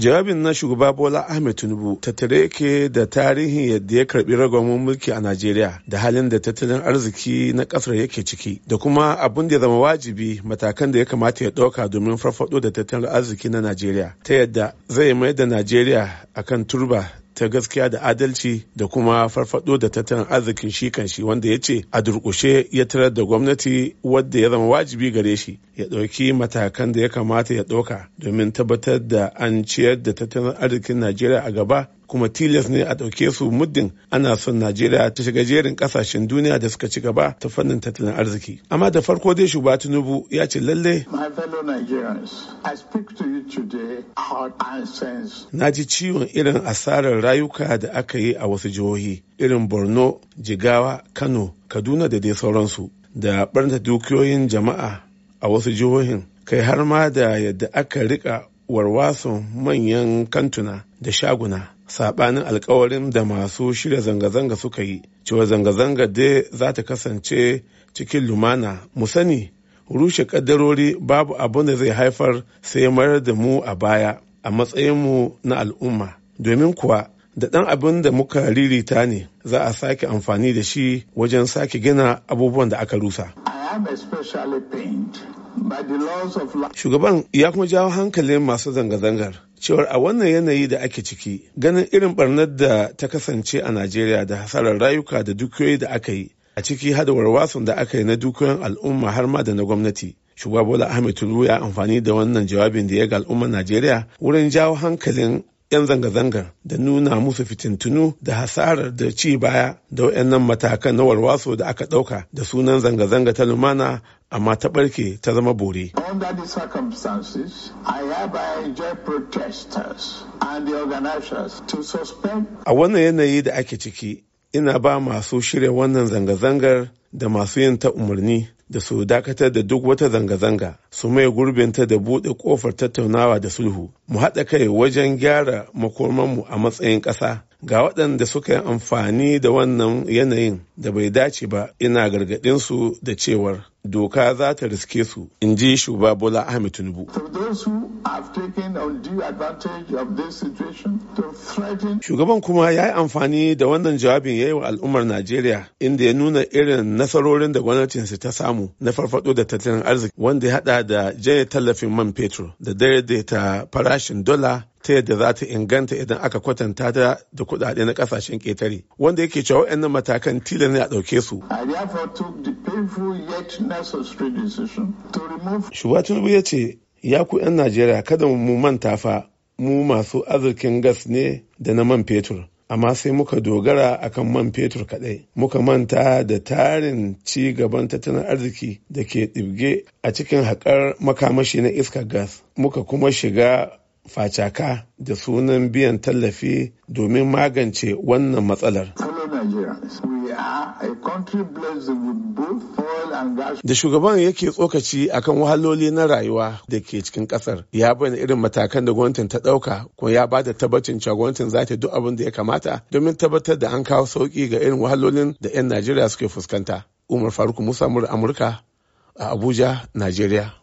jawabin na shugaba bola ahmed tinubu tattare yake da tarihin yadda ya karbi ragwamin mulki a najeriya da halin da tattalin arziki na kasar yake ciki da kuma abun da ya zama wajibi matakan da ya kamata ya ɗauka domin farfado da tattalin arziki na najeriya ta yadda zai mai da najeriya akan turba ta gaskiya da adalci da kuma farfado da tattalin arzikin shi kan shi wanda ya ce a durkushe ya tarar da gwamnati wadda ya zama wajibi gare shi ya ɗauki matakan da ya kamata ya ɗauka domin tabbatar da an ciyar da tattalin arzikin najeriya a gaba kuma tilas ne a ɗauke su muddin ana son najeriya ta shiga jerin ƙasashen duniya da suka ci gaba ta fannin tattalin arziki amma da farko dai shugaba tinubu ya ce lalle na ji ciwon irin asarar rayuka da aka yi a wasu jihohi irin borno jigawa kano kaduna da dai sauransu da barna dukiyoyin jama'a a wasu jihohin kai har ma da yadda aka rika warwason manyan kantuna da shaguna sabanin alkawarin da masu shirya zanga-zanga suka yi cewa zanga-zanga dai za ta kasance cikin lumana mu sani rushe kaddarori babu abin da zai haifar sai mayar da mu a baya a matsayinmu na al'umma domin kuwa da ɗan abin da muka ririta ne za a sake amfani da shi wajen sake gina abubuwan da aka rusa. Shugaban ya kuma jawo hankalin masu zanga-zangar cewar a wannan yanayi da ake ciki ganin irin barnar da ta kasance a najeriya da hasarar rayuka da dukiyoyi da aka yi a ciki hadawar wasan da aka yi na dukiyoyin al'umma har ma da na gwamnati shugaba bola ahmed tinubu ya amfani da wannan jawabin da ya ga al'ummar najeriya wurin jawo hankalin 'yan zanga-zangar da nuna musu fitintunu da hasarar da ci baya da wayannan matakan na warwaso da aka ɗauka da sunan zanga-zanga ta lumana amma ta ɓarke ta zama bore. A wannan yanayi da ake ciki, ina ba masu shirya wannan zanga-zangar da masu yin ta umarni da su dakatar da duk wata zanga-zanga su mai gurbinta da buɗe ƙofar tattaunawa da sulhu mu haɗa kai wajen gyara makomanmu a matsayin ƙasa ga waɗanda suka yi amfani da wannan yanayin da bai dace ba ina gargaɗinsu da cewar doka za ta riske su in ji shugaba bola ahmed tinubu shugaban kuma ya yi amfani da wannan jawabin ya yi wa al'ummar najeriya inda ya nuna irin nasarorin da gwamnatinsa ta samu na farfado da tattalin arziki wanda ya hada da janye tallafin man fetur da daidaita farashin dola ta yadda za ta inganta idan aka kwatanta ta da kuɗaɗe na ƙasashen ketare wanda yake cewa wayannan matakan tilas ne a ɗauke su. Shugaba Tinubu ya ce ya ku 'yan Najeriya kada mu manta fa mu masu azurkin gas ne da na man fetur. amma sai muka dogara akan man fetur kaɗai, muka manta da tarin ci gaban tattalin arziki da ke ɗibge a cikin haƙar makamashi na iskar gas muka kuma shiga facaka da sunan biyan tallafi domin magance wannan matsalar. Da shugaban yake tsokaci akan wahaloli na rayuwa da ke cikin kasar ya bayyana irin matakan da gwamnatin ta ɗauka ko ya ba da tabbacin cewa gwamnatin za ta duk abin da ya kamata domin tabbatar da an kawo sauƙi ga irin wahalolin da 'yan Najeriya suke fuskanta. Umar Faruk Musa Amurka a Abuja, Najeriya.